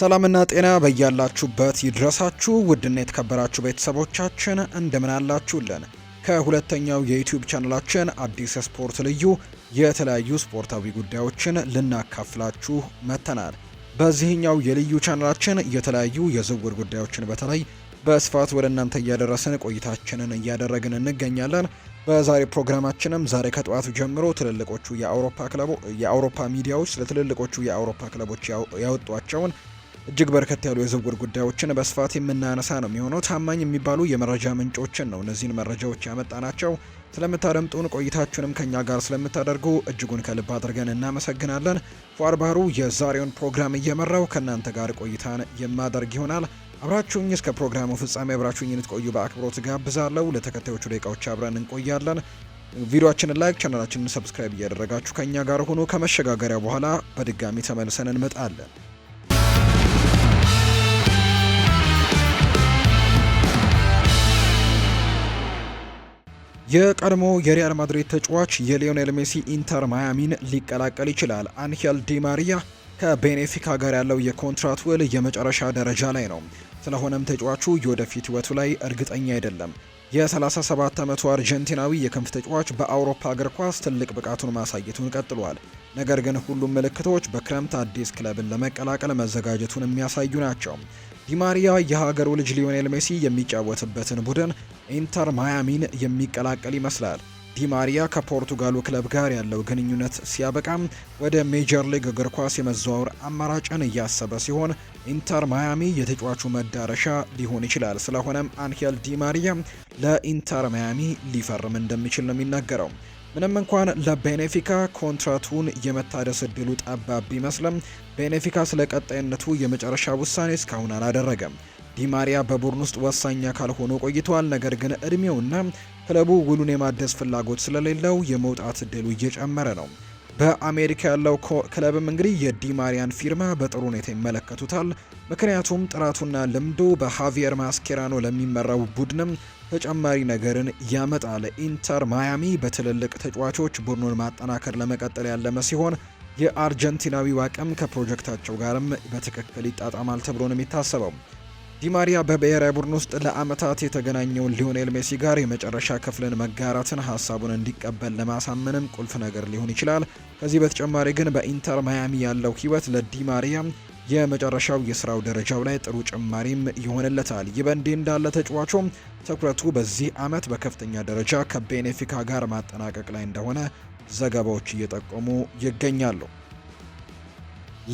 ሰላምና ጤና በያላችሁበት ይድረሳችሁ ውድና የተከበራችሁ ቤተሰቦቻችን እንደምን አላችሁልን? ከሁለተኛው የዩቲዩብ ቻናላችን አዲስ ስፖርት ልዩ የተለያዩ ስፖርታዊ ጉዳዮችን ልናካፍላችሁ መጥተናል። በዚህኛው የልዩ ቻናላችን የተለያዩ የዝውውር ጉዳዮችን በተለይ በስፋት ወደ እናንተ እያደረስን ቆይታችንን እያደረግን እንገኛለን። በዛሬ ፕሮግራማችንም ዛሬ ከጠዋቱ ጀምሮ ትልልቆቹ የአውሮፓ ክለቦ የአውሮፓ ሚዲያዎች ስለ ትልልቆቹ የአውሮፓ ክለቦች ያወጧቸውን እጅግ በርከት ያሉ የዝውውር ጉዳዮችን በስፋት የምናነሳ ነው የሚሆነው። ታማኝ የሚባሉ የመረጃ ምንጮችን ነው እነዚህን መረጃዎች ያመጣ ናቸው። ስለምታደምጡን ቆይታችሁንም ከኛ ጋር ስለምታደርጉ እጅጉን ከልብ አድርገን እናመሰግናለን። ፏር ባህሩ የዛሬውን ፕሮግራም እየመራው ከእናንተ ጋር ቆይታን የማደርግ ይሆናል። አብራችሁኝ እስከ ፕሮግራሙ ፍጻሜ አብራችሁኝ ልትቆዩ በአክብሮት ጋብዛለሁ። ለተከታዮቹ ደቂቃዎች አብረን እንቆያለን። ቪዲዮአችንን ላይክ፣ ቻናላችንን ሰብስክራይብ እያደረጋችሁ ከኛ ጋር ሆኖ ከመሸጋገሪያ በኋላ በድጋሚ ተመልሰን እንመጣለን። የቀድሞ የሪያል ማድሪድ ተጫዋች የሊዮኔል ሜሲ ኢንተር ማያሚን ሊቀላቀል ይችላል። አንሄል ዲማሪያ ከቤኔፊካ ጋር ያለው የኮንትራት ውል የመጨረሻ ደረጃ ላይ ነው። ስለሆነም ተጫዋቹ የወደፊት ሕይወቱ ላይ እርግጠኛ አይደለም። የ37 ዓመቱ አርጀንቲናዊ የክንፍ ተጫዋች በአውሮፓ እግር ኳስ ትልቅ ብቃቱን ማሳየቱን ቀጥሏል። ነገር ግን ሁሉም ምልክቶች በክረምት አዲስ ክለብን ለመቀላቀል መዘጋጀቱን የሚያሳዩ ናቸው። ዲማሪያ የሀገሩ ልጅ ሊዮኔል ሜሲ የሚጫወትበትን ቡድን ኢንተር ማያሚን የሚቀላቀል ይመስላል። ዲማሪያ ከፖርቱጋሉ ክለብ ጋር ያለው ግንኙነት ሲያበቃም ወደ ሜጀር ሊግ እግር ኳስ የመዘዋወር አማራጭን እያሰበ ሲሆን ኢንተር ማያሚ የተጫዋቹ መዳረሻ ሊሆን ይችላል። ስለሆነም አንሄል ዲማሪያ ለኢንተር ማያሚ ሊፈርም እንደሚችል ነው የሚናገረው። ምንም እንኳን ለቤኔፊካ ኮንትራቱን የመታደስ እድሉ ጠባብ ቢመስልም ቤኔፊካ ስለ ቀጣይነቱ የመጨረሻ ውሳኔ እስካሁን አላደረገም። ዲማሪያ በቡድን ውስጥ ወሳኝ አካል ሆኖ ቆይቷል። ነገር ግን እድሜውና ክለቡ ውሉን የማደስ ፍላጎት ስለሌለው የመውጣት እድሉ እየጨመረ ነው። በአሜሪካ ያለው ክለብም እንግዲህ የዲማሪያን ፊርማ በጥሩ ሁኔታ ይመለከቱታል። ምክንያቱም ጥራቱና ልምዱ በሃቪየር ማስኬራኖ ለሚመራው ቡድንም ተጨማሪ ነገርን ያመጣል። ኢንተር ማያሚ በትልልቅ ተጫዋቾች ቡድኑን ማጠናከር ለመቀጠል ያለመ ሲሆን የአርጀንቲናዊው አቅም ከፕሮጀክታቸው ጋርም በትክክል ይጣጣማል ተብሎ ነው የሚታሰበው። ዲማሪያ በብሔራዊ ቡድን ውስጥ ለአመታት የተገናኘውን ሊዮኔል ሜሲ ጋር የመጨረሻ ክፍልን መጋራትን ሀሳቡን እንዲቀበል ለማሳመንም ቁልፍ ነገር ሊሆን ይችላል። ከዚህ በተጨማሪ ግን በኢንተር ማያሚ ያለው ህይወት ለዲማሪያ የመጨረሻው የስራው ደረጃው ላይ ጥሩ ጭማሪም ይሆንለታል። ይህ በእንዲህ እንዳለ ተጫዋቹም ትኩረቱ በዚህ አመት በከፍተኛ ደረጃ ከቤኔፊካ ጋር ማጠናቀቅ ላይ እንደሆነ ዘገባዎች እየጠቆሙ ይገኛሉ።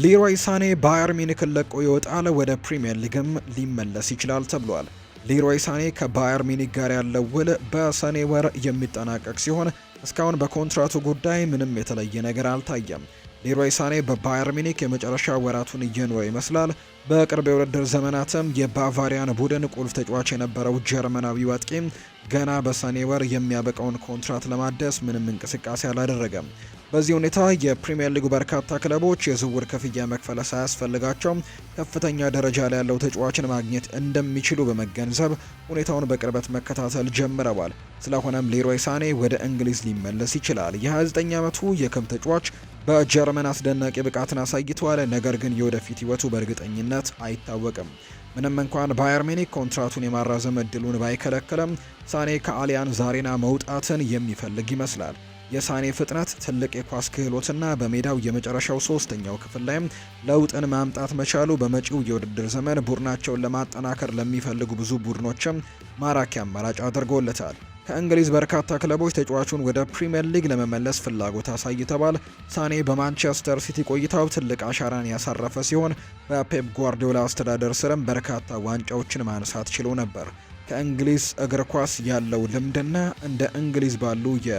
ሊሮይ ሳኔ ባየር ሚኒክን ለቆ ይወጣል፣ ወደ ፕሪምየር ሊግም ሊመለስ ይችላል ተብሏል። ሊሮይ ሳኔ ከባየር ሚኒክ ጋር ያለው ውል በሰኔ ወር የሚጠናቀቅ ሲሆን እስካሁን በኮንትራቱ ጉዳይ ምንም የተለየ ነገር አልታየም። ሊሮይ ሳኔ በባየር ሚኒክ የመጨረሻ ወራቱን እየኖረ ይመስላል። በቅርብ የውድድር ዘመናትም የባቫሪያን ቡድን ቁልፍ ተጫዋች የነበረው ጀርመናዊ አጥቂም ገና በሰኔ ወር የሚያበቃውን ኮንትራት ለማደስ ምንም እንቅስቃሴ አላደረገም። በዚህ ሁኔታ የፕሪምየር ሊጉ በርካታ ክለቦች የዝውውር ክፍያ መክፈል ሳያስፈልጋቸው ከፍተኛ ደረጃ ላይ ያለው ተጫዋችን ማግኘት እንደሚችሉ በመገንዘብ ሁኔታውን በቅርበት መከታተል ጀምረዋል። ስለሆነም ሌሮይ ሳኔ ወደ እንግሊዝ ሊመለስ ይችላል። የ29 ዓመቱ የክም ተጫዋች በጀርመን አስደናቂ ብቃትን አሳይተዋል። ነገር ግን የወደፊት ህይወቱ በእርግጠኝነት አይታወቅም። ምንም እንኳን ባየር ሚኒክ ኮንትራቱን የማራዘም እድሉን ባይከለከለም ሳኔ ከአሊያን ዛሬና መውጣትን የሚፈልግ ይመስላል። የሳኔ ፍጥነት፣ ትልቅ የኳስ ክህሎትና በሜዳው የመጨረሻው ሶስተኛው ክፍል ላይ ለውጥን ማምጣት መቻሉ በመጪው የውድድር ዘመን ቡድናቸውን ለማጠናከር ለሚፈልጉ ብዙ ቡድኖችም ማራኪ አማራጭ አድርጎለታል። ከእንግሊዝ በርካታ ክለቦች ተጫዋቹን ወደ ፕሪምየር ሊግ ለመመለስ ፍላጎት አሳይተዋል። ሳኔ በማንቸስተር ሲቲ ቆይታው ትልቅ አሻራን ያሳረፈ ሲሆን በፔፕ ጓርዲዮላ አስተዳደር ስርም በርካታ ዋንጫዎችን ማንሳት ችሎ ነበር። ከእንግሊዝ እግር ኳስ ያለው ልምድና እንደ እንግሊዝ ባሉ የ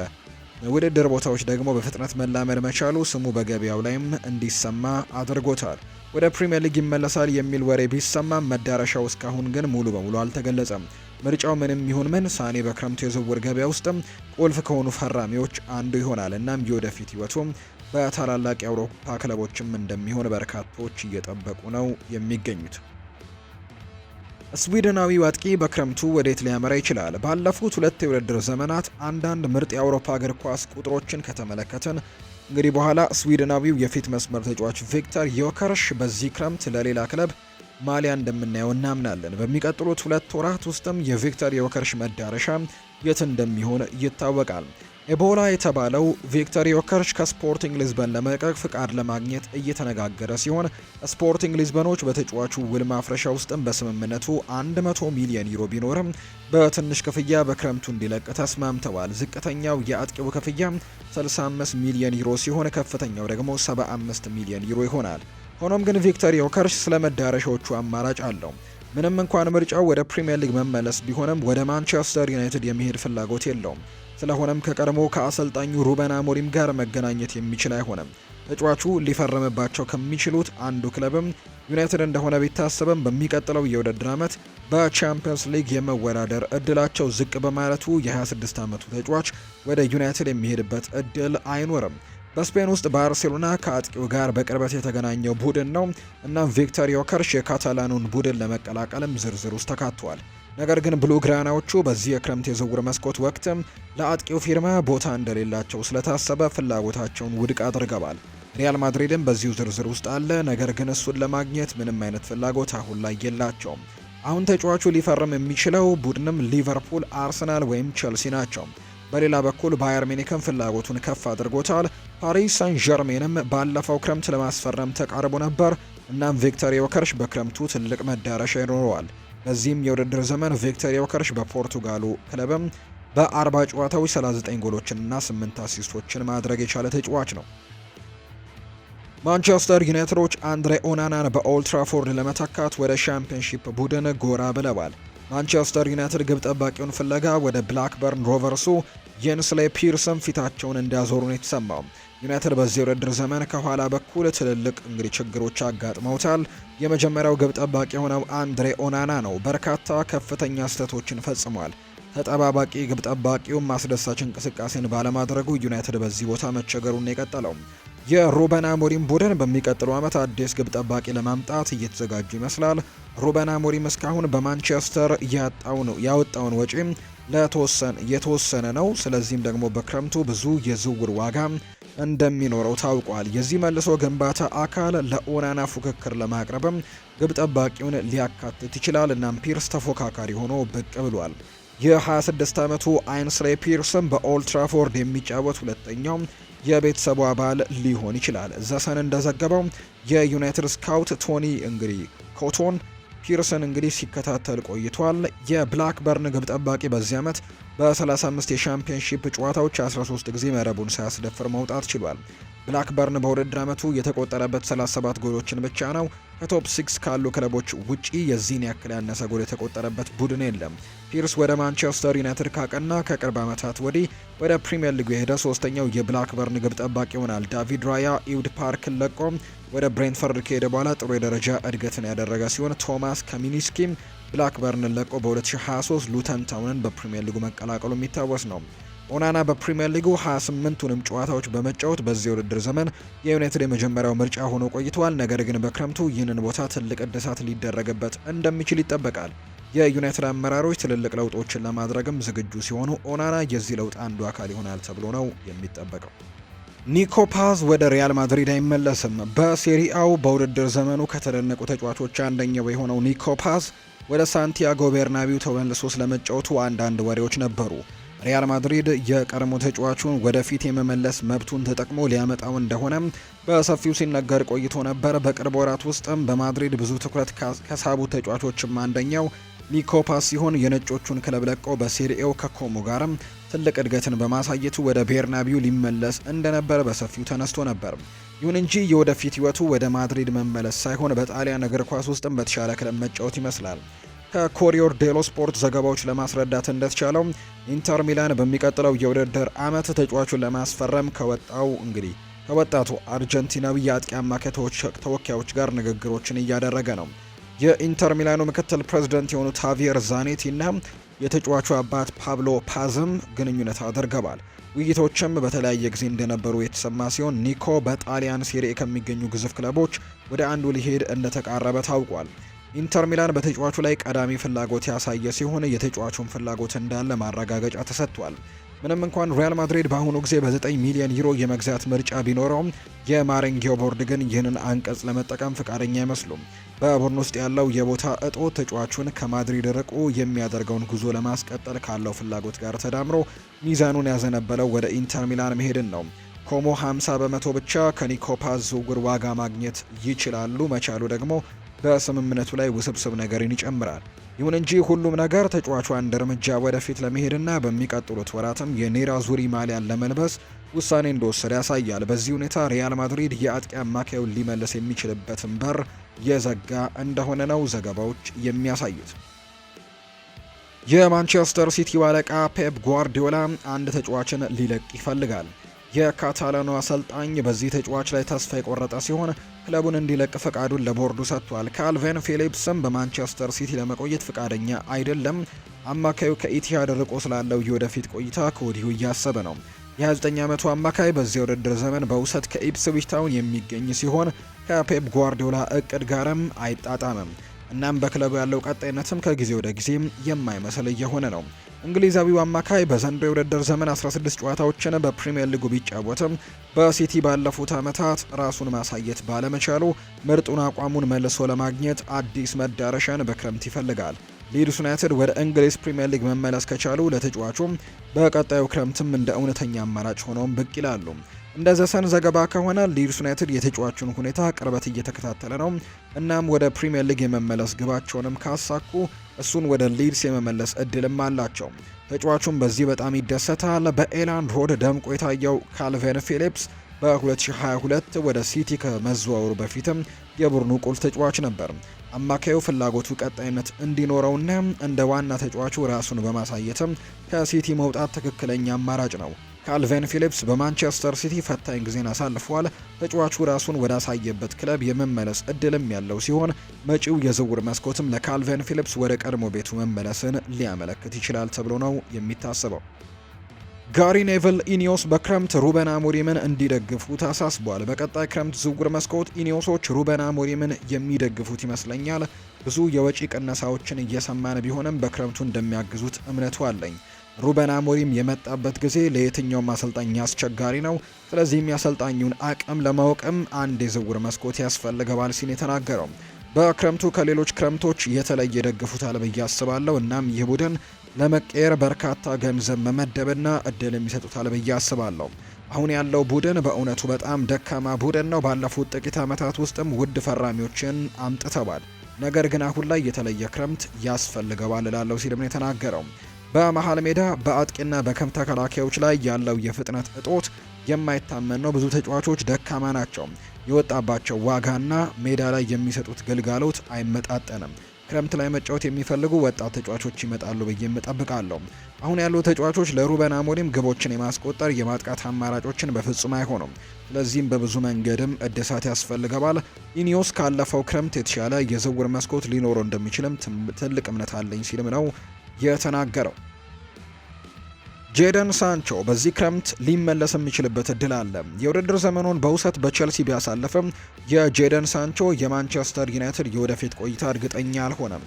ውድድር ቦታዎች ደግሞ በፍጥነት መላመድ መቻሉ ስሙ በገበያው ላይም እንዲሰማ አድርጎታል። ወደ ፕሪምየር ሊግ ይመለሳል የሚል ወሬ ቢሰማም መዳረሻው እስካሁን ግን ሙሉ በሙሉ አልተገለጸም። ምርጫው ምንም ይሁን ምን ሳኔ በክረምቱ የዝውውር ገበያ ውስጥም ቁልፍ ከሆኑ ፈራሚዎች አንዱ ይሆናል። እናም የወደፊት ህይወቱም በታላላቅ የአውሮፓ ክለቦችም እንደሚሆን በርካቶች እየጠበቁ ነው የሚገኙት። ስዊድናዊው አጥቂ በክረምቱ ወዴት ሊያመራ ይችላል? ባለፉት ሁለት የውድድር ዘመናት አንዳንድ ምርጥ የአውሮፓ እግር ኳስ ቁጥሮችን ከተመለከትን እንግዲህ በኋላ ስዊድናዊው የፊት መስመር ተጫዋች ቪክተር ዮከርሽ በዚህ ክረምት ለሌላ ክለብ ማሊያ እንደምናየው እናምናለን። በሚቀጥሉት ሁለት ወራት ውስጥም የቪክተር ዮከርሽ መዳረሻ የት እንደሚሆን ይታወቃል። ኤቦላ የተባለው ቪክተር ዮከርሽ ከስፖርቲንግ ሊዝበን ለመልቀቅ ፍቃድ ለማግኘት እየተነጋገረ ሲሆን ስፖርቲንግ ሊዝበኖች በተጫዋቹ ውል ማፍረሻ ውስጥም በስምምነቱ 100 ሚሊዮን ዩሮ ቢኖርም በትንሽ ክፍያ በክረምቱ እንዲለቅ ተስማምተዋል። ዝቅተኛው የአጥቂው ክፍያ 65 ሚሊዮን ዩሮ ሲሆን ከፍተኛው ደግሞ 75 ሚሊዮን ዩሮ ይሆናል። ሆኖም ግን ቪክተር ዮከርሽ ስለ መዳረሻዎቹ አማራጭ አለው። ምንም እንኳን ምርጫው ወደ ፕሪምየር ሊግ መመለስ ቢሆንም ወደ ማንቸስተር ዩናይትድ የሚሄድ ፍላጎት የለውም። ስለሆነም ከቀድሞ ከአሰልጣኙ ሩበን አሞሪም ጋር መገናኘት የሚችል አይሆንም። ተጫዋቹ ሊፈርምባቸው ከሚችሉት አንዱ ክለብም ዩናይትድ እንደሆነ ቢታሰብም በሚቀጥለው የውድድር ዓመት በቻምፒየንስ ሊግ የመወዳደር እድላቸው ዝቅ በማለቱ የ26 ዓመቱ ተጫዋች ወደ ዩናይትድ የሚሄድበት እድል አይኖርም። በስፔን ውስጥ ባርሴሎና ከአጥቂው ጋር በቅርበት የተገናኘው ቡድን ነው እና ቪክተር ዮከርሽ የካታላኑን ቡድን ለመቀላቀልም ዝርዝር ውስጥ ተካቷል። ነገር ግን ብሉ ግራናዎቹ በዚህ የክረምት የዝውውር መስኮት ወቅትም ለአጥቂው ፊርማ ቦታ እንደሌላቸው ስለታሰበ ፍላጎታቸውን ውድቅ አድርገዋል። ሪያል ማድሪድም በዚሁ ዝርዝር ውስጥ አለ። ነገር ግን እሱን ለማግኘት ምንም አይነት ፍላጎት አሁን ላይ የላቸውም። አሁን ተጫዋቹ ሊፈርም የሚችለው ቡድንም ሊቨርፑል፣ አርሰናል ወይም ቸልሲ ናቸው። በሌላ በኩል ባየር ሚኒክን ፍላጎቱን ከፍ አድርጎታል። ፓሪስ ሳን ዠርሜንም ባለፈው ክረምት ለማስፈረም ተቃርቦ ነበር። እናም ቪክተር ዮከርሽ በክረምቱ ትልቅ መዳረሻ ይኖረዋል። በዚህም የውድድር ዘመን ቪክተር ዮከርሽ በፖርቱጋሉ ክለብም በ40 ጨዋታዎች 39 ጎሎችንና 8 አሲስቶችን ማድረግ የቻለ ተጫዋች ነው። ማንቸስተር ዩናይትዶች አንድሬ ኦናናን በኦልትራፎርድ ለመተካት ወደ ሻምፒዮንሺፕ ቡድን ጎራ ብለዋል። ማንቸስተር ዩናይትድ ግብ ጠባቂውን ፍለጋ ወደ ብላክበርን ሮቨርሱ ጄንስሌ ፒርሰን ፊታቸውን እንዳዞሩ ነው የተሰማው። ዩናይትድ በዚህ ውድድር ዘመን ከኋላ በኩል ትልልቅ እንግዲህ ችግሮች አጋጥመውታል። የመጀመሪያው ግብ ጠባቂ የሆነው አንድሬ ኦናና ነው። በርካታ ከፍተኛ ስህተቶችን ፈጽሟል። ተጠባባቂ ግብ ጠባቂውም አስደሳች እንቅስቃሴን ባለማድረጉ ዩናይትድ በዚህ ቦታ መቸገሩን የቀጠለው የሩበን አሞሪም ቡድን በሚቀጥለው ዓመት አዲስ ግብ ጠባቂ ለማምጣት እየተዘጋጁ ይመስላል። ሩበን አሞሪም እስካሁን በማንቸስተር ያወጣውን ወጪ የተወሰነ ነው። ስለዚህም ደግሞ በክረምቱ ብዙ የዝውውር ዋጋ እንደሚኖረው ታውቋል። የዚህ መልሶ ግንባታ አካል ለኦናና ፉክክር ለማቅረብም ግብ ጠባቂውን ሊያካትት ይችላል። እናም ፒርስ ተፎካካሪ ሆኖ ብቅ ብሏል። የ26 ዓመቱ አይንስሌ ፒርስም በኦልትራፎርድ የሚጫወት ሁለተኛው የቤተሰቡ አባል ሊሆን ይችላል። ዘሰን እንደዘገበው የዩናይትድ ስካውት ቶኒ እንግዲህ ኮቶን ፒርሰን እንግዲህ ሲከታተል ቆይቷል። የብላክበርን ግብ ጠባቂ በዚህ ዓመት በ35 የሻምፒዮንሺፕ ጨዋታዎች 13 ጊዜ መረቡን ሳያስደፍር መውጣት ችሏል። ብላክበርን በውድድር ዓመቱ የተቆጠረበት 37 ጎሎችን ብቻ ነው። ከቶፕ ሲክስ ካሉ ክለቦች ውጪ የዚህን ያክል ያነሰ ጎል የተቆጠረበት ቡድን የለም። ፒርስ ወደ ማንቸስተር ዩናይትድ ካቀና ከቅርብ ዓመታት ወዲህ ወደ ፕሪምየር ሊጉ የሄደ ሶስተኛው የብላክበርን ግብ ጠባቂ ይሆናል። ዳቪድ ራያ ኢውድ ፓርክን ለቆ ወደ ብሬንትፈርድ ከሄደ በኋላ ጥሩ የደረጃ እድገትን ያደረገ ሲሆን ቶማስ ከሚኒስኪ ብላክበርንን ለቆ በ2023 ሉተን ታውንን በፕሪምየር ሊጉ መቀላቀሉ የሚታወስ ነው። ኦናና በፕሪምየር ሊጉ 28ቱንም ጨዋታዎች በመጫወት በዚህ ውድድር ዘመን የዩናይትድ የመጀመሪያው ምርጫ ሆኖ ቆይተዋል። ነገር ግን በክረምቱ ይህንን ቦታ ትልቅ እድሳት ሊደረግበት እንደሚችል ይጠበቃል። የዩናይትድ አመራሮች ትልልቅ ለውጦችን ለማድረግም ዝግጁ ሲሆኑ ኦናና የዚህ ለውጥ አንዱ አካል ይሆናል ተብሎ ነው የሚጠበቀው። ኒኮ ፓዝ ወደ ሪያል ማድሪድ አይመለስም። በሴሪአው በውድድር ዘመኑ ከተደነቁ ተጫዋቾች አንደኛው የሆነው ኒኮ ፓዝ ወደ ሳንቲያጎ ቤርናቢው ተመልሶ ስለመጫወቱ አንዳንድ ወሬዎች ነበሩ። ሪያል ማድሪድ የቀድሞ ተጫዋቹን ወደፊት የመመለስ መብቱን ተጠቅሞ ሊያመጣው እንደሆነ በሰፊው ሲነገር ቆይቶ ነበር። በቅርብ ወራት ውስጥም በማድሪድ ብዙ ትኩረት ከሳቡ ተጫዋቾችም አንደኛው ሊኮፓ ሲሆን የነጮቹን ክለብ ለቆ በሴሪኤው ከኮሞ ጋርም ትልቅ እድገትን በማሳየቱ ወደ ቤርናቢው ሊመለስ እንደነበር በሰፊው ተነስቶ ነበር። ይሁን እንጂ የወደፊት ህይወቱ ወደ ማድሪድ መመለስ ሳይሆን በጣሊያን እግር ኳስ ውስጥም በተሻለ ክለብ መጫወት ይመስላል። ከኮሪዮር ዴሎ ስፖርት ዘገባዎች ለማስረዳት እንደተቻለው ኢንተር ሚላን በሚቀጥለው የውድድር ዓመት ተጫዋቹን ለማስፈረም ከወጣው እንግዲህ ከወጣቱ አርጀንቲናዊ የአጥቂ አማካይ ተወካዮች ጋር ንግግሮችን እያደረገ ነው። የኢንተር ሚላኑ ምክትል ፕሬዝደንት የሆኑት ሃቪየር ና የተጫዋቹ አባት ፓብሎ ፓዝም ግንኙነት አድርገዋል። ውይይቶችም በተለያየ ጊዜ እንደነበሩ የተሰማ ሲሆን ኒኮ በጣሊያን ሴሪኤ ከሚገኙ ግዙፍ ክለቦች ወደ አንዱ ሊሄድ እንደተቃረበ ታውቋል። ኢንተር ሚላን በተጫዋቹ ላይ ቀዳሚ ፍላጎት ያሳየ ሲሆን የተጫዋቹን ፍላጎት እንዳለ ማረጋገጫ ተሰጥቷል። ምንም እንኳን ሪያል ማድሪድ በአሁኑ ጊዜ በ9 ሚሊዮን ዩሮ የመግዛት ምርጫ ቢኖረውም የማሬንጊዮ ቦርድ ግን ይህንን አንቀጽ ለመጠቀም ፈቃደኛ አይመስሉም። በቡድን ውስጥ ያለው የቦታ እጦት ተጫዋቹን ከማድሪድ ርቆ የሚያደርገውን ጉዞ ለማስቀጠል ካለው ፍላጎት ጋር ተዳምሮ ሚዛኑን ያዘነበለው ወደ ኢንተር ሚላን መሄድን ነው። ኮሞ 50 በመቶ ብቻ ከኒኮፓዝ ዝውውር ዋጋ ማግኘት ይችላሉ መቻሉ ደግሞ በስምምነቱ ላይ ውስብስብ ነገርን ይጨምራል። ይሁን እንጂ ሁሉም ነገር ተጫዋቹ አንድ እርምጃ ወደፊት ለመሄድና በሚቀጥሉት ወራትም የኔራ ዙሪ ማሊያን ለመልበስ ውሳኔ እንደወሰደ ያሳያል። በዚህ ሁኔታ ሪያል ማድሪድ የአጥቂ አማካዩን ሊመልስ የሚችልበትን በር የዘጋ እንደሆነ ነው ዘገባዎች የሚያሳዩት። የማንቸስተር ሲቲ አለቃ ፔፕ ጓርዲዮላ አንድ ተጫዋችን ሊለቅ ይፈልጋል። የካታላኑ አሰልጣኝ በዚህ ተጫዋች ላይ ተስፋ የቆረጠ ሲሆን ክለቡን እንዲለቅ ፈቃዱን ለቦርዱ ሰጥቷል። ካልቬን ፊሊፕስም በማንቸስተር ሲቲ ለመቆየት ፈቃደኛ አይደለም። አማካዩ ከኢቲሃድ ርቆ ስላለው የወደፊት ቆይታ ከወዲሁ እያሰበ ነው። የ29 ዓመቱ አማካይ በዚህ ውድድር ዘመን በውሰት ከኢፕስዊች ታውን የሚገኝ ሲሆን ከፔፕ ጓርዲዮላ እቅድ ጋርም አይጣጣምም። እናም በክለቡ ያለው ቀጣይነትም ከጊዜ ወደ ጊዜም የማይመስል እየሆነ ነው። እንግሊዛዊው አማካይ በዘንድሮ የውድድር ዘመን 16 ጨዋታዎችን በፕሪምየር ሊጉ ቢጫወትም በሲቲ ባለፉት ዓመታት ራሱን ማሳየት ባለመቻሉ ምርጡን አቋሙን መልሶ ለማግኘት አዲስ መዳረሻን በክረምት ይፈልጋል። ሊድስ ዩናይትድ ወደ እንግሊዝ ፕሪምየር ሊግ መመለስ ከቻሉ ለተጫዋቹም በቀጣዩ ክረምትም እንደ እውነተኛ አማራጭ ሆነውም ብቅ ይላሉ። እንደ ዘሰን ዘገባ ከሆነ ሊድስ ዩናይትድ የተጫዋቹን ሁኔታ ቅርበት እየተከታተለ ነው። እናም ወደ ፕሪምየር ሊግ የመመለስ ግባቸውንም ካሳኩ እሱን ወደ ሊድስ የመመለስ እድልም አላቸው። ተጫዋቹም በዚህ በጣም ይደሰታል። በኤላን ሮድ ደምቆ የታየው ካልቬን ፊሊፕስ በ2022 ወደ ሲቲ ከመዘዋወሩ በፊትም የቡድኑ ቁልፍ ተጫዋች ነበር። አማካዩ ፍላጎቱ ቀጣይነት እንዲኖረውና እንደ ዋና ተጫዋቹ ራሱን በማሳየትም ከሲቲ መውጣት ትክክለኛ አማራጭ ነው። ካልቬን ፊሊፕስ በማንቸስተር ሲቲ ፈታኝ ጊዜን አሳልፏል። ተጫዋቹ ራሱን ወዳሳየበት ክለብ የመመለስ እድልም ያለው ሲሆን መጪው የዝውውር መስኮትም ለካልቬን ፊሊፕስ ወደ ቀድሞ ቤቱ መመለስን ሊያመለክት ይችላል ተብሎ ነው የሚታሰበው። ጋሪ ኔቭል ኢኒዮስ በክረምት ሩበን አሞሪምን እንዲደግፉት አሳስቧል። በቀጣይ ክረምት ዝውውር መስኮት ኢኒዮሶች ሩበን አሞሪምን የሚደግፉት ይመስለኛል። ብዙ የወጪ ቅነሳዎችን እየሰማን ቢሆንም በክረምቱ እንደሚያግዙት እምነቱ አለኝ። ሩበን አሞሪም የመጣበት ጊዜ ለየትኛውም አሰልጣኝ አስቸጋሪ ነው። ስለዚህም የአሰልጣኙን አቅም ለማወቅም አንድ የዝውውር መስኮት ያስፈልገዋል ሲል የተናገረው በክረምቱ ከሌሎች ክረምቶች የተለየ ደግፉታል ብዬ አስባለሁ። እናም ይህ ቡድን ለመቀየር በርካታ ገንዘብ መመደብና እድል የሚሰጡታል ብዬ አስባለሁ። አሁን ያለው ቡድን በእውነቱ በጣም ደካማ ቡድን ነው። ባለፉት ጥቂት ዓመታት ውስጥም ውድ ፈራሚዎችን አምጥተዋል። ነገር ግን አሁን ላይ የተለየ ክረምት ያስፈልገዋል እላለሁ ሲልም ነው የተናገረው። በመሀል ሜዳ በአጥቂና በከም ተከላካዮች ላይ ያለው የፍጥነት እጦት የማይታመን ነው። ብዙ ተጫዋቾች ደካማ ናቸው። የወጣባቸው ዋጋና ሜዳ ላይ የሚሰጡት ግልጋሎት አይመጣጠንም። ክረምት ላይ መጫወት የሚፈልጉ ወጣት ተጫዋቾች ይመጣሉ ብዬም እጠብቃለሁ። አሁን ያሉ ተጫዋቾች ለሩበን አሞሪም ግቦችን የማስቆጠር የማጥቃት አማራጮችን በፍጹም አይሆኑም። ስለዚህም በብዙ መንገድም እድሳት ያስፈልገዋል። ኢኒዮስ ካለፈው ክረምት የተሻለ የዝውውር መስኮት ሊኖረው እንደሚችልም ትልቅ እምነት አለኝ ሲልም ነው የተናገረው። ጄደን ሳንቾ በዚህ ክረምት ሊመለስ የሚችልበት እድል አለ። የውድድር ዘመኑን በውሰት በቸልሲ ቢያሳልፍም የጄደን ሳንቾ የማንቸስተር ዩናይትድ የወደፊት ቆይታ እርግጠኛ አልሆነም።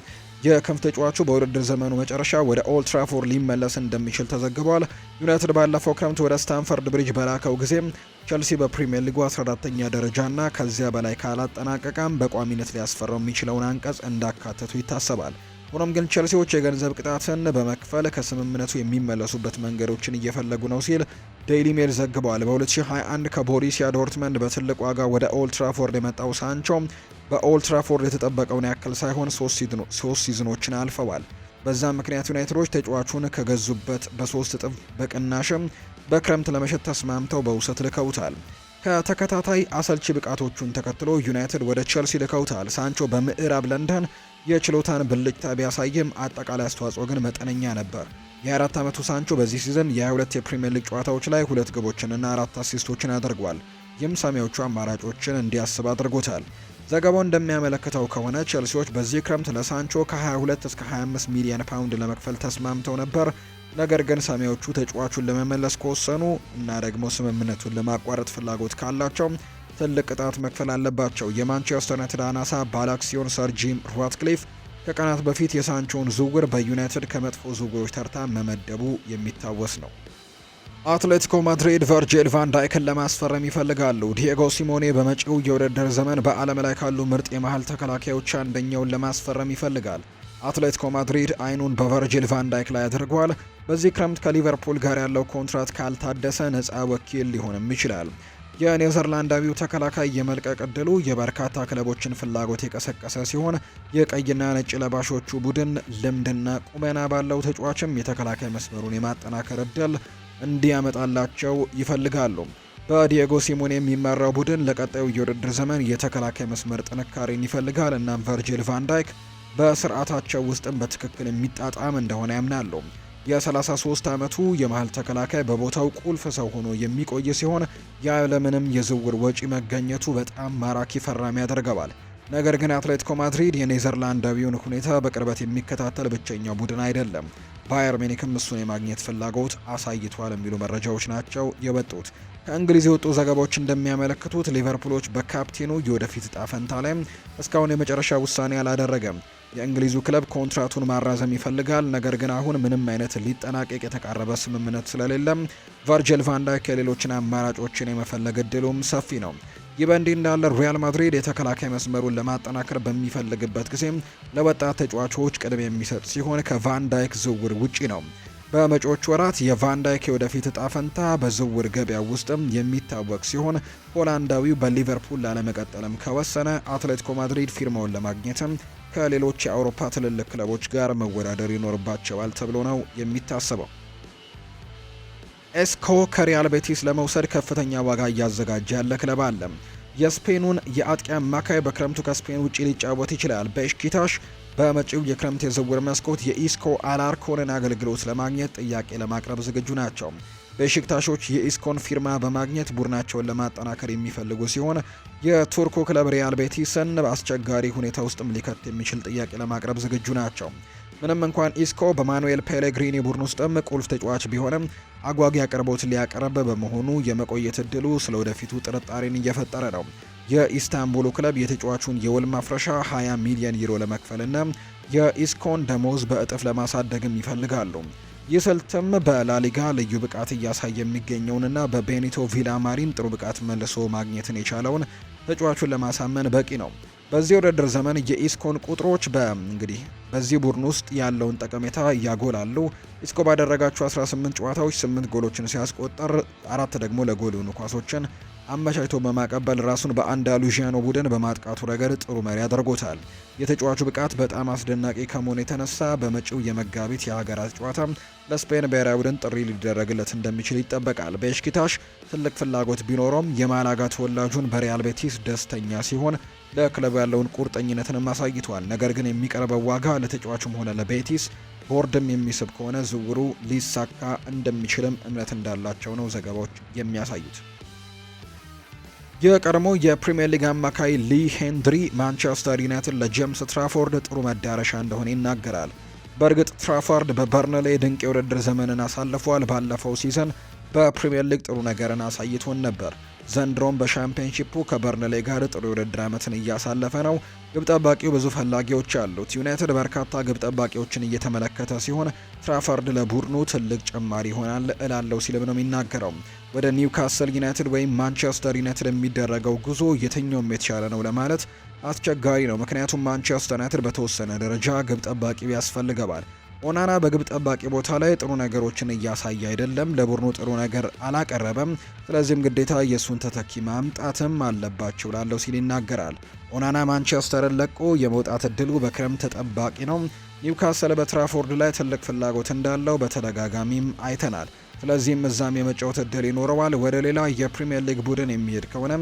የክንፍ ተጫዋቹ በውድድር ዘመኑ መጨረሻ ወደ ኦልድ ሊመለስ እንደሚችል ተዘግቧል። ዩናይትድ ባለፈው ክረምት ወደ ስታንፈርድ ብሪጅ በላከው ጊዜ ቸልሲ በፕሪምየር ሊጉ 14ተኛ ደረጃና ከዚያ በላይ ካላጠናቀቃም በቋሚነት ሊያስፈራው የሚችለውን አንቀጽ እንዳካተቱ ይታሰባል። ሆኖም ግን ቸልሲዎች የገንዘብ ቅጣትን በመክፈል ከስምምነቱ የሚመለሱበት መንገዶችን እየፈለጉ ነው ሲል ዴይሊ ሜል ዘግበዋል በ በ2021 ከቦሪሲያ ዶርትመንድ በትልቅ ዋጋ ወደ ኦልትራፎርድ የመጣው ሳንቾ በኦልትራፎርድ የተጠበቀውን ያክል ሳይሆን ሶስት ሲዝኖችን አልፈዋል። በዛም ምክንያት ዩናይትዶች ተጫዋቹን ከገዙበት በሶስት እጥፍ በቅናሽም በክረምት ለመሸጥ ተስማምተው በውሰት ልከውታል። ከተከታታይ አሰልቺ ብቃቶቹን ተከትሎ ዩናይትድ ወደ ቸልሲ ልከውታል። ሳንቾ በምዕራብ ለንደን የችሎታን ብልጭታ ቢያሳይም አጠቃላይ አስተዋጽኦ ግን መጠነኛ ነበር። የአራት ዓመቱ ሳንቾ በዚህ ሲዝን የ22 የፕሪምየር ሊግ ጨዋታዎች ላይ ሁለት ግቦችንና አራት አሲስቶችን አድርጓል። ይህም ሰማያዊዎቹ አማራጮችን እንዲያስብ አድርጎታል። ዘገባው እንደሚያመለክተው ከሆነ ቼልሲዎች በዚህ ክረምት ለሳንቾ ከ22 እስከ 25 ሚሊዮን ፓውንድ ለመክፈል ተስማምተው ነበር። ነገር ግን ሰማያዊዎቹ ተጫዋቹን ለመመለስ ከወሰኑ እና ደግሞ ስምምነቱን ለማቋረጥ ፍላጎት ካላቸው ትልቅ ቅጣት መክፈል አለባቸው። የማንቸስተር ዩናይትድ አናሳ ባላክሲዮን ሰር ጂም ራትክሊፍ ከቀናት በፊት የሳንቾን ዝውውር በዩናይትድ ከመጥፎ ዝውውሮች ተርታ መመደቡ የሚታወስ ነው። አትሌቲኮ ማድሪድ ቨርጂል ቫን ዳይክን ለማስፈረም ይፈልጋሉ። ዲየጎ ሲሞኔ በመጪው የውድድር ዘመን በዓለም ላይ ካሉ ምርጥ የመሃል ተከላካዮች አንደኛውን ለማስፈረም ይፈልጋል። አትሌቲኮ ማድሪድ አይኑን በቨርጂል ቫን ዳይክ ላይ አድርጓል። በዚህ ክረምት ከሊቨርፑል ጋር ያለው ኮንትራት ካልታደሰ ነፃ ወኪል ሊሆንም ይችላል። የኔዘርላንዳዊው ተከላካይ የመልቀቅ እድሉ የበርካታ ክለቦችን ፍላጎት የቀሰቀሰ ሲሆን የቀይና ነጭ ለባሾቹ ቡድን ልምድና ቁመና ባለው ተጫዋችም የተከላካይ መስመሩን የማጠናከር እድል እንዲያመጣላቸው ይፈልጋሉ። በዲየጎ ሲሞኔ የሚመራው ቡድን ለቀጣዩ የውድድር ዘመን የተከላካይ መስመር ጥንካሬን ይፈልጋል። እናም ቨርጂል ቫንዳይክ በስርዓታቸው ውስጥም በትክክል የሚጣጣም እንደሆነ ያምናሉ። የ33 ዓመቱ የመሃል ተከላካይ በቦታው ቁልፍ ሰው ሆኖ የሚቆይ ሲሆን ያለምንም የዝውውር ወጪ መገኘቱ በጣም ማራኪ ፈራሚ ያደርገዋል። ነገር ግን አትሌቲኮ ማድሪድ የኔዘርላንዳዊውን ሁኔታ በቅርበት የሚከታተል ብቸኛው ቡድን አይደለም። ባየር ሚኒክም እሱን የማግኘት ፍላጎት አሳይቷል የሚሉ መረጃዎች ናቸው የወጡት። ከእንግሊዝ የወጡ ዘገባዎች እንደሚያመለክቱት ሊቨርፑሎች በካፕቴኑ የወደፊት እጣ ፈንታ ላይ እስካሁን የመጨረሻ ውሳኔ አላደረገም። የእንግሊዙ ክለብ ኮንትራቱን ማራዘም ይፈልጋል። ነገር ግን አሁን ምንም አይነት ሊጠናቀቅ የተቃረበ ስምምነት ስለሌለም ቨርጅል ቫንዳይክ የሌሎችን አማራጮችን የመፈለግ እድሉም ሰፊ ነው። ይህ በእንዲህ እንዳለ ሪያል ማድሪድ የተከላካይ መስመሩን ለማጠናከር በሚፈልግበት ጊዜ ለወጣት ተጫዋቾች ቅድም የሚሰጥ ሲሆን ከቫንዳይክ ዝውውር ውጪ ነው። በመጪዎቹ ወራት የቫንዳይክ የወደፊት እጣ ፈንታ በዝውውር ገበያ ውስጥም የሚታወቅ ሲሆን ሆላንዳዊው በሊቨርፑል ላለመቀጠልም ከወሰነ አትሌቲኮ ማድሪድ ፊርማውን ለማግኘትም ከሌሎች የአውሮፓ ትልልቅ ክለቦች ጋር መወዳደር ይኖርባቸዋል ተብሎ ነው የሚታሰበው። ኤስኮ ከሪያል ቤቲስ ለመውሰድ ከፍተኛ ዋጋ እያዘጋጀ ያለ ክለብ አለ። የስፔኑን የአጥቂ አማካይ በክረምቱ ከስፔን ውጭ ሊጫወት ይችላል። በሽኪታሽ በመጪው የክረምት የዝውውር መስኮት የኢስኮ አላርኮንን አገልግሎት ለማግኘት ጥያቄ ለማቅረብ ዝግጁ ናቸው። በሽክታሾች የኢስኮን ፊርማ በማግኘት ቡድናቸውን ለማጠናከር የሚፈልጉ ሲሆን የቱርኩ ክለብ ሪያል ቤቲስን በአስቸጋሪ ሁኔታ ውስጥም ሊከት የሚችል ጥያቄ ለማቅረብ ዝግጁ ናቸው። ምንም እንኳን ኢስኮ በማኑኤል ፔሌግሪኒ ቡድን ውስጥም ቁልፍ ተጫዋች ቢሆንም አጓጊ አቅርቦት ሊያቀርብ በመሆኑ የመቆየት እድሉ ስለ ወደፊቱ ጥርጣሬን እየፈጠረ ነው። የኢስታንቡሉ ክለብ የተጫዋቹን የውል ማፍረሻ 20 ሚሊዮን ዩሮ ለመክፈልና የኢስኮን ደሞዝ በእጥፍ ለማሳደግም ይፈልጋሉ። ይህ ስልትም በላሊጋ ልዩ ብቃት እያሳየ የሚገኘውንና በቤኒቶ ቪላማሪን ጥሩ ብቃት መልሶ ማግኘትን የቻለውን ተጫዋቹን ለማሳመን በቂ ነው። በዚህ ውድድር ዘመን የኢስኮን ቁጥሮች በእንግዲህ በዚህ ቡድን ውስጥ ያለውን ጠቀሜታ እያጎላሉ። ኢስኮ ባደረጋቸው 18 ጨዋታዎች 8 ጎሎችን ሲያስቆጠር አራት ደግሞ ለጎል የሆኑ ኳሶችን አመቻችቶ በማቀበል ራሱን በአንዳሉዥያኖ ቡድን በማጥቃቱ ረገድ ጥሩ መሪ አድርጎታል። የተጫዋቹ ብቃት በጣም አስደናቂ ከመሆኑ የተነሳ በመጪው የመጋቢት የሀገራት ጨዋታ ለስፔን ብሔራዊ ቡድን ጥሪ ሊደረግለት እንደሚችል ይጠበቃል። በሽኪታሽ ትልቅ ፍላጎት ቢኖረውም የማላጋ ተወላጁን በሪያል ቤቲስ ደስተኛ ሲሆን ለክለቡ ያለውን ቁርጠኝነትንም አሳይቷል። ነገር ግን የሚቀርበው ዋጋ ለተጫዋቹም ሆነ ለቤቲስ ቦርድም የሚስብ ከሆነ ዝውውሩ ሊሳካ እንደሚችልም እምነት እንዳላቸው ነው ዘገባዎች የሚያሳዩት። የቀድሞ የፕሪምየር ሊግ አማካይ ሊ ሄንድሪ ማንቸስተር ዩናይትድ ለጄምስ ትራፎርድ ጥሩ መዳረሻ እንደሆነ ይናገራል። በእርግጥ ትራፎርድ በበርንሌ ድንቅ የውድድር ዘመንን አሳልፏል። ባለፈው ሲዘን በፕሪምየር ሊግ ጥሩ ነገርን አሳይቶን ነበር። ዘንድሮም በሻምፒዮንሺፑ ከበርንሌ ጋር ጥሩ ውድድር ዓመትን እያሳለፈ ነው። ግብ ጠባቂው ብዙ ፈላጊዎች አሉት። ዩናይትድ በርካታ ግብ ጠባቂዎችን እየተመለከተ ሲሆን ትራፈርድ ለቡድኑ ትልቅ ጭማሪ ይሆናል እላለው ሲልም ነው የሚናገረው። ወደ ኒውካስል ዩናይትድ ወይም ማንቸስተር ዩናይትድ የሚደረገው ጉዞ የትኛውም የተሻለ ነው ለማለት አስቸጋሪ ነው። ምክንያቱም ማንቸስተር ዩናይትድ በተወሰነ ደረጃ ግብ ጠባቂ ያስፈልገዋል። ኦናና በግብ ጠባቂ ቦታ ላይ ጥሩ ነገሮችን እያሳየ አይደለም። ለቡድኑ ጥሩ ነገር አላቀረበም። ስለዚህም ግዴታ የእሱን ተተኪ ማምጣትም አለባቸው ላለው ሲል ይናገራል። ኦናና ማንቸስተርን ለቆ የመውጣት እድሉ በክረምት ተጠባቂ ነው። ኒውካስል በትራፎርድ ላይ ትልቅ ፍላጎት እንዳለው በተደጋጋሚም አይተናል። ስለዚህም እዛም የመጫወት እድል ይኖረዋል። ወደ ሌላ የፕሪምየር ሊግ ቡድን የሚሄድ ከሆነ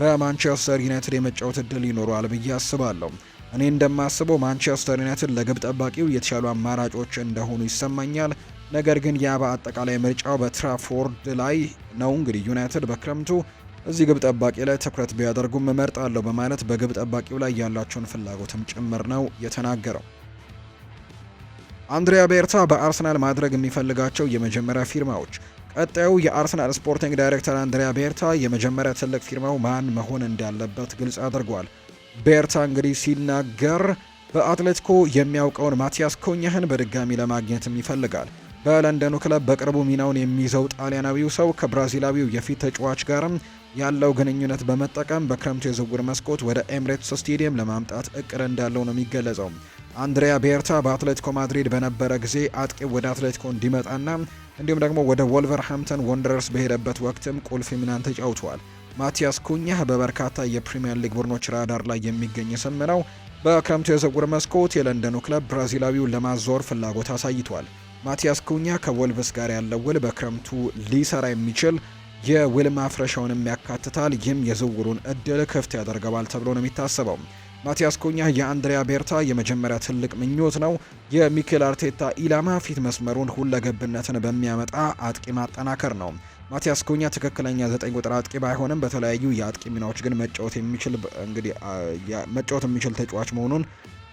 በማንቸስተር ዩናይትድ የመጫወት እድል ይኖረዋል ብዬ አስባለሁ። እኔ እንደማስበው ማንቸስተር ዩናይትድ ለግብ ጠባቂው የተሻሉ አማራጮች እንደሆኑ ይሰማኛል። ነገር ግን ያ በአጠቃላይ ምርጫው በትራፎርድ ላይ ነው። እንግዲህ ዩናይትድ በክረምቱ እዚህ ግብ ጠባቂ ላይ ትኩረት ቢያደርጉም እመርጣለሁ በማለት በግብ ጠባቂው ላይ ያላቸውን ፍላጎትም ጭምር ነው የተናገረው። አንድሪያ ቤርታ በአርሰናል ማድረግ የሚፈልጋቸው የመጀመሪያ ፊርማዎች ቀጣዩ የአርሰናል ስፖርቲንግ ዳይሬክተር አንድሪያ ቤርታ የመጀመሪያ ትልቅ ፊርማው ማን መሆን እንዳለበት ግልጽ አድርጓል። ቤርታ እንግዲህ ሲናገር በአትሌቲኮ የሚያውቀውን ማቲያስ ኮኛህን በድጋሚ ለማግኘትም ይፈልጋል። በለንደኑ ክለብ በቅርቡ ሚናውን የሚይዘው ጣሊያናዊው ሰው ከብራዚላዊው የፊት ተጫዋች ጋርም ያለው ግንኙነት በመጠቀም በክረምቱ የዝውውር መስኮት ወደ ኤምሬትስ ስቴዲየም ለማምጣት እቅድ እንዳለው ነው የሚገለጸው። አንድሪያ ቤርታ በአትሌቲኮ ማድሪድ በነበረ ጊዜ አጥቂ ወደ አትሌቲኮ እንዲመጣና እንዲሁም ደግሞ ወደ ወልቨርሃምተን ወንደረርስ በሄደበት ወቅትም ቁልፍ ሚናን ተጫውቷል። ማቲያስ ኩኛህ በበርካታ የፕሪምየር ሊግ ቡድኖች ራዳር ላይ የሚገኝ ስም ነው። በክረምቱ የዝውውር መስኮት የለንደኑ ክለብ ብራዚላዊው ለማዞር ፍላጎት አሳይቷል። ማቲያስ ኩኛ ከወልቭስ ጋር ያለው ውል በክረምቱ ሊሰራ የሚችል የውል ማፍረሻውንም ያካትታል። ይህም የዝውውሩን እድል ክፍት ያደርገዋል ተብሎ ነው የሚታሰበው። ማቲያስ ኩኛ የአንድሪያ ቤርታ የመጀመሪያ ትልቅ ምኞት ነው። የሚኬል አርቴታ ኢላማ ፊት መስመሩን ሁለገብነትን በሚያመጣ አጥቂ ማጠናከር ነው። ማቲያስ ኩኛ ትክክለኛ ዘጠኝ ቁጥር አጥቂ ባይሆንም በተለያዩ የአጥቂ ሚናዎች ግን መጫወት የሚችል እንግዲህ መጫወት የሚችል ተጫዋች መሆኑን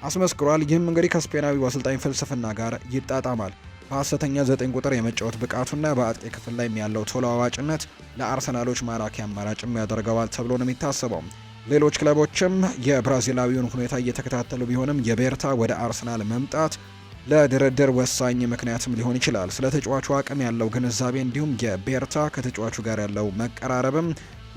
አስመስክሯል። ይህም እንግዲህ ከስፔናዊ አሰልጣኝ ፍልስፍና ጋር ይጣጣማል። በሐሰተኛ ዘጠኝ ቁጥር የመጫወት ብቃቱና በአጥቂ ክፍል ላይ ያለው ተለዋዋጭነት ለአርሰናሎች ማራኪ አማራጭም ያደርገዋል ተብሎ ነው የሚታሰበው። ሌሎች ክለቦችም የብራዚላዊውን ሁኔታ እየተከታተሉ ቢሆንም የቤርታ ወደ አርሰናል መምጣት ለድርድር ወሳኝ ምክንያትም ሊሆን ይችላል። ስለ ተጫዋቹ አቅም ያለው ግንዛቤ እንዲሁም የቤርታ ከተጫዋቹ ጋር ያለው መቀራረብም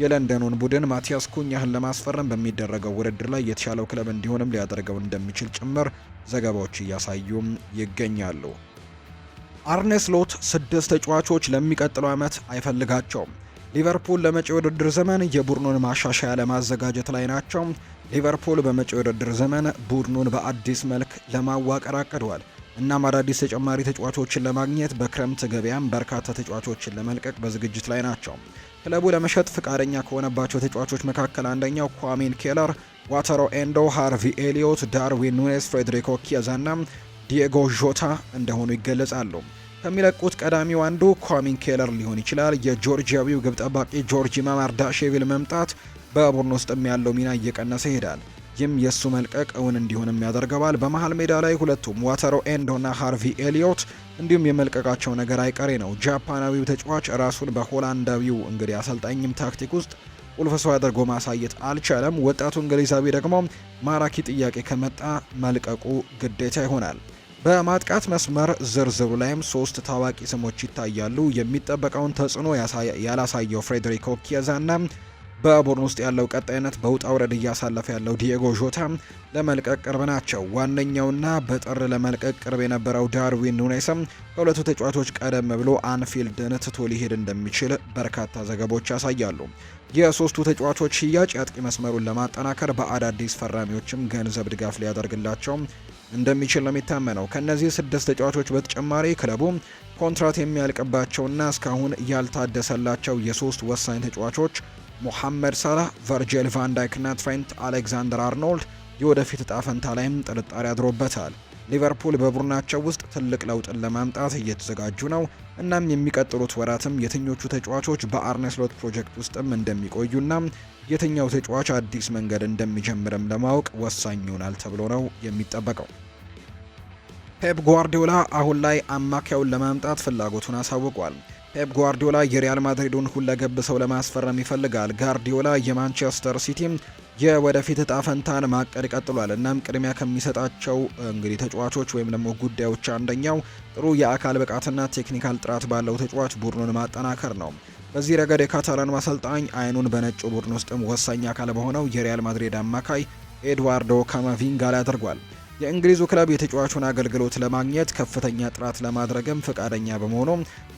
የለንደኑን ቡድን ማቲያስ ኩኛህን ለማስፈረም በሚደረገው ውድድር ላይ የተሻለው ክለብ እንዲሆንም ሊያደርገው እንደሚችል ጭምር ዘገባዎች እያሳዩም ይገኛሉ። አርኔስ ሎት ስድስት ተጫዋቾች ለሚቀጥለው ዓመት አይፈልጋቸውም። ሊቨርፑል ለመጪ ውድድር ዘመን የቡድኑን ማሻሻያ ለማዘጋጀት ላይ ናቸው። ሊቨርፑል በመጪ ውድድር ዘመን ቡድኑን በአዲስ መልክ ለማዋቀር አቅዷል። እናም አዳዲስ ተጨማሪ ተጫዋቾችን ለማግኘት በክረምት ገበያም በርካታ ተጫዋቾችን ለመልቀቅ በዝግጅት ላይ ናቸው። ክለቡ ለመሸጥ ፍቃደኛ ከሆነባቸው ተጫዋቾች መካከል አንደኛው ኳሚን ኬለር፣ ዋተሮ ኤንዶ፣ ሃርቪ ኤሊዮት፣ ዳርዊን ኑኔስ፣ ፍሬድሪኮ ኪያዛና ዲየጎ ዦታ እንደሆኑ ይገለጻሉ። ከሚለቁት ቀዳሚው አንዱ ኳሚን ኬለር ሊሆን ይችላል። የጆርጂያዊው ግብ ጠባቂ ጆርጂ ማማርዳሽቪሊ መምጣት በቡድኑ ውስጥም ያለው ሚና እየቀነሰ ይሄዳል። ይህም የእሱ መልቀቅ እውን እንዲሆንም ያደርገዋል። በመሃል ሜዳ ላይ ሁለቱም ዋተሮ ኤንዶና ሃርቪ ኤሊዮት እንዲሁም የመልቀቃቸው ነገር አይቀሬ ነው። ጃፓናዊው ተጫዋች ራሱን በሆላንዳዊው እንግዲህ አሰልጣኝም ታክቲክ ውስጥ ቁልፍ ሰው አድርጎ ማሳየት አልቻለም። ወጣቱ እንግሊዛዊ ደግሞ ማራኪ ጥያቄ ከመጣ መልቀቁ ግዴታ ይሆናል። በማጥቃት መስመር ዝርዝሩ ላይም ሶስት ታዋቂ ስሞች ይታያሉ። የሚጠበቀውን ተጽዕኖ ያላሳየው ፍሬዴሪኮ ና በቡድን ውስጥ ያለው ቀጣይነት በውጣ ውረድ እያሳለፈ ያለው ዲኤጎ ዦታ ለመልቀቅ ቅርብ ናቸው። ዋነኛውና በጥር ለመልቀቅ ቅርብ የነበረው ዳርዊን ኑኔስም ከሁለቱ ተጫዋቾች ቀደም ብሎ አንፊልድን ትቶ ሊሄድ እንደሚችል በርካታ ዘገቦች ያሳያሉ። የሶስቱ ተጫዋቾች ሽያጭ የአጥቂ መስመሩን ለማጠናከር በአዳዲስ ፈራሚዎችም ገንዘብ ድጋፍ ሊያደርግላቸው እንደሚችል ነው የሚታመነው። ከእነዚህ ስድስት ተጫዋቾች በተጨማሪ ክለቡ ኮንትራት የሚያልቅባቸውና እስካሁን ያልታደሰላቸው የሶስት ወሳኝ ተጫዋቾች ሞሐመድ ሳላህ፣ ቨርጂል ቫንዳይክ ና ትሬንት አሌክዛንደር አርኖልድ የወደፊት እጣ ፈንታ ላይም ጥርጣሬ አድሮበታል። ሊቨርፑል በቡድናቸው ውስጥ ትልቅ ለውጥን ለማምጣት እየተዘጋጁ ነው። እናም የሚቀጥሉት ወራትም የትኞቹ ተጫዋቾች በአርነስሎት ፕሮጀክት ውስጥም እንደሚቆዩና የትኛው ተጫዋች አዲስ መንገድ እንደሚጀምርም ለማወቅ ወሳኝ ይሆናል ተብሎ ነው የሚጠበቀው። ፔፕ ጓርዲዮላ አሁን ላይ አማካዩን ለማምጣት ፍላጎቱን አሳውቋል። ፔፕ ጓርዲዮላ የሪያል ማድሪዱን ሁለገብ ሰው ለማስፈረም ይፈልጋል። ጓርዲዮላ የማንቸስተር ሲቲ የወደፊት እጣ ፈንታን ማቀድ ቀጥሏል። እናም ቅድሚያ ከሚሰጣቸው እንግዲህ ተጫዋቾች ወይም ደግሞ ጉዳዮች አንደኛው ጥሩ የአካል ብቃትና ቴክኒካል ጥራት ባለው ተጫዋች ቡድኑን ማጠናከር ነው። በዚህ ረገድ የካታላኑ አሰልጣኝ አይኑን በነጩ ቡድን ውስጥም ወሳኝ አካል በሆነው የሪያል ማድሪድ አማካይ ኤድዋርዶ ካማቪንጋ ላይ አድርጓል። የእንግሊዙ ክለብ የተጫዋቹን አገልግሎት ለማግኘት ከፍተኛ ጥራት ለማድረግም ፈቃደኛ በመሆኑ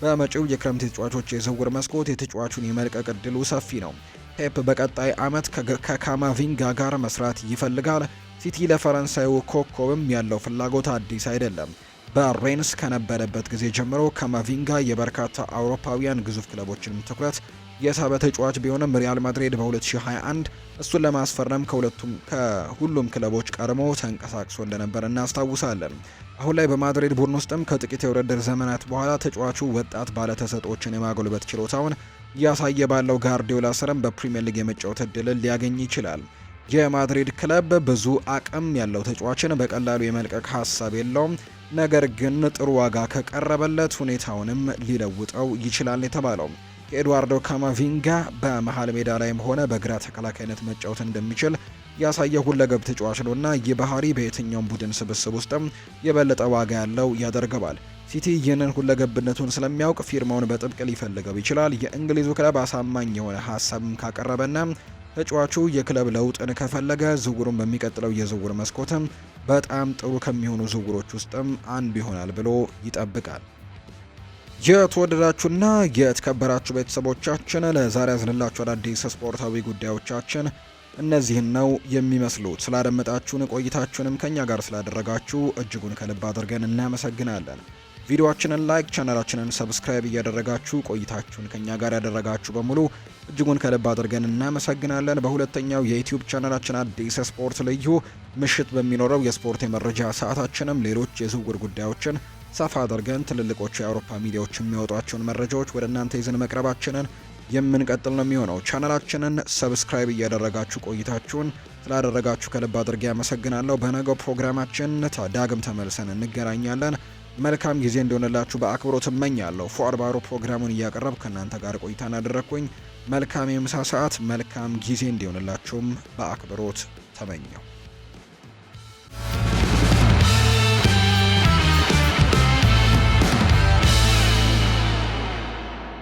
በመጪው የክረምት የተጫዋቾች የዝውውር መስኮት የተጫዋቹን የመልቀቅ እድሉ ሰፊ ነው። ፔፕ በቀጣይ ዓመት ከካማቪንጋ ጋር መስራት ይፈልጋል። ሲቲ ለፈረንሳዩ ኮከብም ያለው ፍላጎት አዲስ አይደለም። በሬንስ ከነበረበት ጊዜ ጀምሮ ካማቪንጋ የበርካታ አውሮፓውያን ግዙፍ ክለቦችንም ትኩረት የሳበ ተጫዋች ቢሆንም ሪያል ማድሪድ በ2021 እሱን ለማስፈረም ከሁለቱም ከሁሉም ክለቦች ቀድሞ ተንቀሳቅሶ እንደነበር እናስታውሳለን። አሁን ላይ በማድሪድ ቡድን ውስጥም ከጥቂት የውድድር ዘመናት በኋላ ተጫዋቹ ወጣት ባለተሰጦችን የማጎልበት ችሎታውን እያሳየ ባለው ጋርዲዮላ ስርም በፕሪምየር ሊግ የመጫወት እድልን ሊያገኝ ይችላል። የማድሪድ ክለብ ብዙ አቅም ያለው ተጫዋችን በቀላሉ የመልቀቅ ሀሳብ የለውም። ነገር ግን ጥሩ ዋጋ ከቀረበለት ሁኔታውንም ሊለውጠው ይችላል የተባለው ኤድዋርዶ ካማቪንጋ በመሀል ሜዳ ላይም ሆነ በግራ ተከላካይነት መጫወት እንደሚችል ያሳየ ሁለገብ ተጫዋች ነውና ይህ ባህሪ በየትኛውም ቡድን ስብስብ ውስጥም የበለጠ ዋጋ ያለው ያደርገዋል። ሲቲ ይህንን ሁለገብነቱን ስለሚያውቅ ፊርማውን በጥብቅ ሊፈልገው ይችላል። የእንግሊዙ ክለብ አሳማኝ የሆነ ሀሳብም ካቀረበና ተጫዋቹ የክለብ ለውጥን ከፈለገ ዝውውሩን በሚቀጥለው የዝውውር መስኮትም በጣም ጥሩ ከሚሆኑ ዝውውሮች ውስጥም አንዱ ይሆናል ብሎ ይጠብቃል። የተወደዳችሁና የተከበራችሁ ቤተሰቦቻችን ለዛሬ ያዝንላችሁ አዳዲስ ስፖርታዊ ጉዳዮቻችን እነዚህን ነው የሚመስሉት። ስላደመጣችሁን ቆይታችሁንም ከኛ ጋር ስላደረጋችሁ እጅጉን ከልብ አድርገን እናመሰግናለን። ቪዲዮችንን ላይክ፣ ቻናላችንን ሰብስክራይብ እያደረጋችሁ ቆይታችሁን ከኛ ጋር ያደረጋችሁ በሙሉ እጅጉን ከልብ አድርገን እናመሰግናለን። በሁለተኛው የዩትዩብ ቻናላችን አዲስ ስፖርት ልዩ ምሽት በሚኖረው የስፖርት የመረጃ ሰዓታችንም ሌሎች የዝውውር ጉዳዮችን ሰፋ አድርገን ትልልቆቹ የአውሮፓ ሚዲያዎች የሚያወጧቸውን መረጃዎች ወደ እናንተ ይዘን መቅረባችንን የምንቀጥል ነው የሚሆነው። ቻናላችንን ሰብስክራይብ እያደረጋችሁ ቆይታችሁን ስላደረጋችሁ ከልብ አድርጌ ያመሰግናለሁ። በነገው ፕሮግራማችን ዳግም ተመልሰን እንገናኛለን። መልካም ጊዜ እንደሆነላችሁ በአክብሮት እመኛለሁ። ፉአድ ባሮ ፕሮግራሙን እያቀረብ ከእናንተ ጋር ቆይታ እናደረግኩኝ። መልካም የምሳ ሰዓት፣ መልካም ጊዜ እንዲሆንላችሁም በአክብሮት ተመኘው።